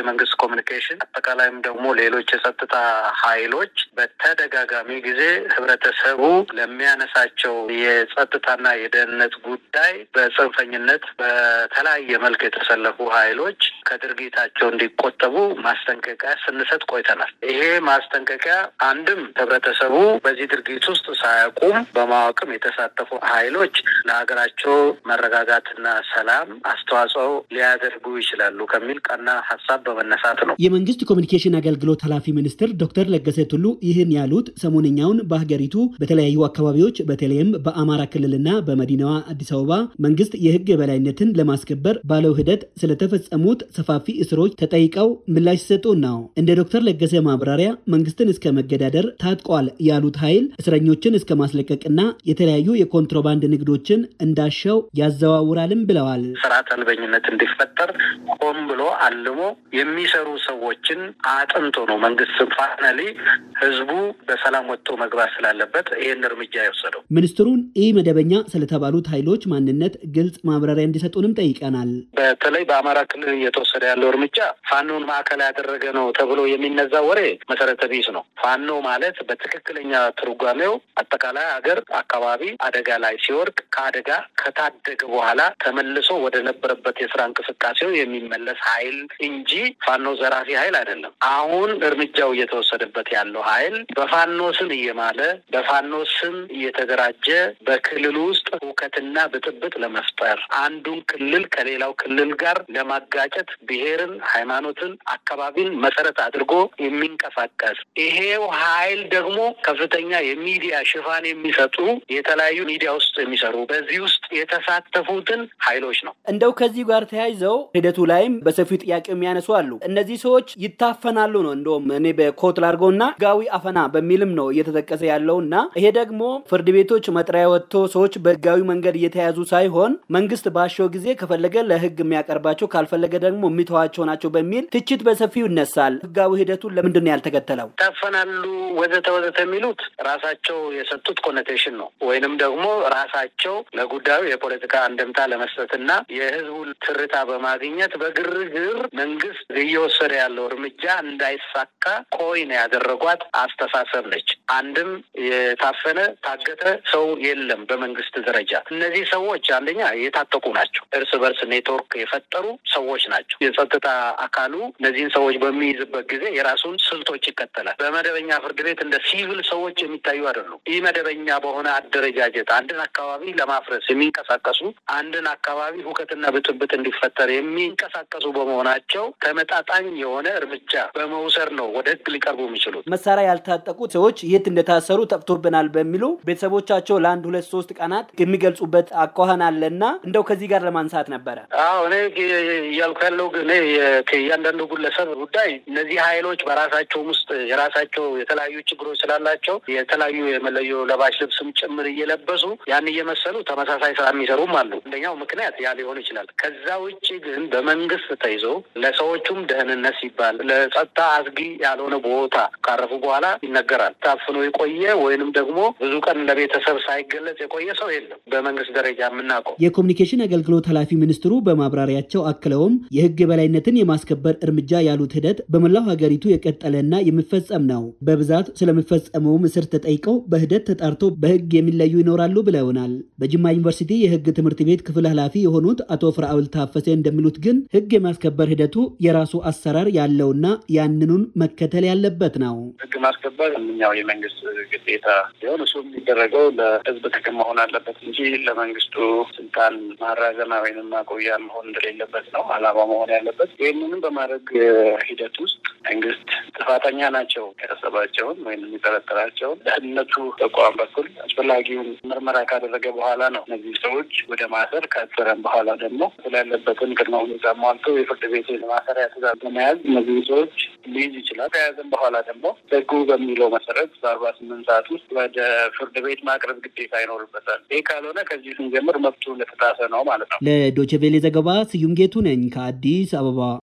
የመንግስት ኮሚኒኬሽን አጠቃላይም ደግሞ ሌሎች የጸጥታ ኃይሎች በተደጋጋሚ ጊዜ ህብረተሰቡ ለሚያነሳቸው የጸጥታና የደህንነት ጉዳይ በጽንፈኝነት በተለያየ መልክ የተሰለፉ ኃይሎች ከድርጊታቸው እንዲቆጠቡ ማስጠንቀቂያ ስንሰጥ ቆይተናል። ይሄ ማስጠንቀቂያ አንድም ህብረተሰቡ በዚህ ድርጊት ውስጥ ሳያውቁም በማወቅም የተሳተፉ ኃይሎች ለሀገራቸው መረጋጋትና ሰላም አስተዋጽኦ ሊያደርጉ ይችላሉ ከሚል ቀና ሀሳብ በመነሳት ነው። የመንግስት ኮሚኒኬሽን አገልግሎት ኃላፊ ሚኒስትር ዶክተር ለገሰ ቱሉ ይህን ያሉት ሰሞነኛውን በሀገሪቱ በተለያዩ አካባቢዎች በተለይም በአማራ ክልልና በመዲናዋ አዲስ አበባ መንግስት የህግ የበላይነትን ለማስከበር ባለው ሂደት ስለተፈጸሙት ሰፋፊ እስሮች ተጠይቀው ምላሽ ሲሰጡ ነው። እንደ ዶክተር ለገሰ ማብራሪያ መንግስትን እስከ መገዳደር ታጥቋል ያሉት ኃይል እስረኞችን እስከ ማስለቀቅና የተለያዩ የኮንትሮባንድ ንግዶችን እንዳሻው ያዘዋውራልም ብለዋል። ስርዓት አልበኝነት እንዲፈጠር ሆን ብሎ አልሞ የሚሰሩ ሰዎችን አጥንቶ ነው መንግስት ፋናሌ ህዝቡ በሰላም ወጥቶ መግባት ስላለበት ይህን እርምጃ የወሰደው። ሚኒስትሩን ኢ መደበኛ ስለተባሉት ኃይሎች ማንነት ግልጽ ማብራሪያ እንዲሰጡንም ጠይቀናል። በተለይ በአማራ ክልል እየተወሰደ ያለው እርምጃ ፋኖን ማዕከል ያደረገ ነው ተብሎ የሚነዛ ወሬ መሰረተ ቢስ ነው። ፋኖ ማለት በትክክለኛ ትርጓሜው አጠቃላይ ሀገር አካባቢ አደጋ ላይ ሲወድቅ ከአደጋ ከታደገ በኋላ ተመልሶ ወደ ነበረበት የስራ እንቅስቃሴው የሚመለስ ኃይል እንጂ ፋኖ ዘራፊ ኃይል አይደለም። አሁን እርምጃው እየተወሰደበት ያለው ኃይል በፋኖ ስም እየማለ በፋኖ ስም እየተደራጀ በክልል ውስጥ ሁከትና ብጥብጥ ለመፍጠር አንዱን ክልል ከሌላው ክልል ጋር ለማጋጨት ብሔርን፣ ሃይማኖትን፣ አካባቢን መሰረት አድርጎ የሚንቀሳቀስ ይሄው ኃይል ደግሞ ከፍተኛ የሚዲያ ሽፋን የሚሰጡ የተለያዩ ሚዲያ ውስጥ የሚሰሩ በዚህ ውስጥ የተሳተፉትን ኃይሎች ነው። እንደው ከዚህ ጋር ተያይዘው ሂደቱ ላይም በሰፊው ጥያቄ የሚያነሱ አሉ። እነዚህ ሰዎች ይታፈናሉ ነው እንደውም እኔ በኮት ላድርገው እና ህጋዊ አፈና በሚልም ነው እየተጠቀሰ ያለው እና ይሄ ደግሞ ፍርድ ቤቶች መጥሪያ ወጥቶ ሰዎች በህጋዊ መንገድ እየተያዙ ሳይሆን መንግስት ባሸው ጊዜ ከፈለገ ለህግ የሚያቀርባቸው ካልፈለገ ደግሞ የሚተዋቸው ናቸው በሚል ትችት በሰፊው ይነሳል። ህጋዊ ሂደቱን ለምንድን ነው ያልተከተለው? ይታፈናሉ ወዘተ ወዘተ የሚሉት ራሳቸው የሰጡት ኮነቴሽን ነው ወይንም ደግሞ ራሳቸው ለጉዳዩ የፖለቲካ አንድምታ ለመስጠትና የህዝቡ ትርታ በማግኘት በግርግር መንግስት እየወሰደ ያለው እርምጃ እንዳይሳካ ቆይ ነው ያደረጓት አስተሳሰብ ነች። አንድም የታፈነ ታገተ ሰው የለም በመንግስት ደረጃ። እነዚህ ሰዎች አንደኛ የታጠቁ ናቸው። እርስ በርስ ኔትወርክ የፈጠሩ ሰዎች ናቸው። የጸጥታ አካሉ እነዚህን ሰዎች በሚይዝበት ጊዜ የራሱን ስልቶች ይከተላል። በመደበኛ ፍርድ ቤት እንደ ሲቪል ሰዎች የሚታዩ አይደሉ። ይህ መደበኛ በሆነ አደረጃጀት አንድን አካባቢ ለማፍረስ የሚንቀሳቀሱ አንድን አካባቢ ሁከትና ብጥብጥ እንዲፈጠር የሚንቀሳቀሱ በመሆናቸው ተመጣጣኝ የሆነ እርምጃ በመውሰድ ነው ወደ ህግ ሊቀርቡ የሚችሉት። መሳሪያ ያልታጠቁ ሰዎች የት እንደታሰሩ ጠፍቶብናል በሚሉ ቤተሰቦቻቸው ለአንድ ሁለት ሶስት ቀናት የሚገልጹበት አኳኋን አለና እንደው ከዚህ ጋር ለማንሳት ነበረ። አዎ እኔ እያልኩ ያለው እኔ ከእያንዳንዱ ግለሰብ ጉዳይ እነዚህ ኃይሎች በራሳቸውም ውስጥ የራሳቸው የተለያዩ ችግሮች ስላላቸው የተለያዩ የመለዮ ለባሽ ልብስም ጭምር እየለበሱ ያን እየመሰሉ ተመሳሳይ ስራ የሚሰሩም አሉ። አንደኛው ምክንያት ያ ሊሆን ይችላል። ከዛ ውጭ ግን በመንግስት ተይዞ ለሰዎች ሰዎቹም ደህንነት ሲባል ለጸጥታ አስጊ ያልሆነ ቦታ ካረፉ በኋላ ይነገራል። ታፍኖ የቆየ ወይንም ደግሞ ብዙ ቀን ለቤተሰብ ሳይገለጽ የቆየ ሰው የለም በመንግስት ደረጃ የምናውቀው። የኮሚኒኬሽን አገልግሎት ኃላፊ ሚኒስትሩ በማብራሪያቸው አክለውም የህግ የበላይነትን የማስከበር እርምጃ ያሉት ሂደት በመላው ሀገሪቱ የቀጠለና የሚፈጸም ነው። በብዛት ስለሚፈጸመው እስር ተጠይቀው በሂደት ተጣርቶ በህግ የሚለዩ ይኖራሉ ብለውናል። በጅማ ዩኒቨርሲቲ የህግ ትምህርት ቤት ክፍል ኃላፊ የሆኑት አቶ ፍራውል ታፈሴ እንደሚሉት ግን ህግ የማስከበር ሂደቱ የራሱ አሰራር ያለውና ያንኑን መከተል ያለበት ነው። ህግ ማስከበር እኛው የመንግስት ግዴታ ሲሆን እሱ የሚደረገው ለህዝብ ጥቅም መሆን አለበት እንጂ ለመንግስቱ ስልጣን ማራዘና ወይም ማቆያ መሆን እንደሌለበት ነው አላማ መሆን ያለበት። ይህንንም በማድረግ ሂደት ውስጥ መንግስት ጥፋተኛ ናቸው ያሰባቸውን ወይም የሚጠረጠራቸውን ደህንነቱ ተቋም በኩል አስፈላጊውን ምርመራ ካደረገ በኋላ ነው እነዚህ ሰዎች ወደ ማሰር ከአሰረም በኋላ ደግሞ ስላለበትን ቅድመ ሁኔታ ሟልቶ የፍርድ ቤት የማሰር መሳሪያ ትእዛዝ መያዝ እነዚህ ሰዎች ሊይዝ ይችላል። ከያዘም በኋላ ደግሞ ህጉ በሚለው መሰረት በአርባ ስምንት ሰዓት ውስጥ ወደ ፍርድ ቤት ማቅረብ ግዴታ ይኖርበታል። ይህ ካልሆነ ከዚህ ስንጀምር መብቱ እንደተጣሰ ነው ማለት ነው። ለዶችቬሌ ዘገባ ስዩም ጌቱ ነኝ ከአዲስ አበባ።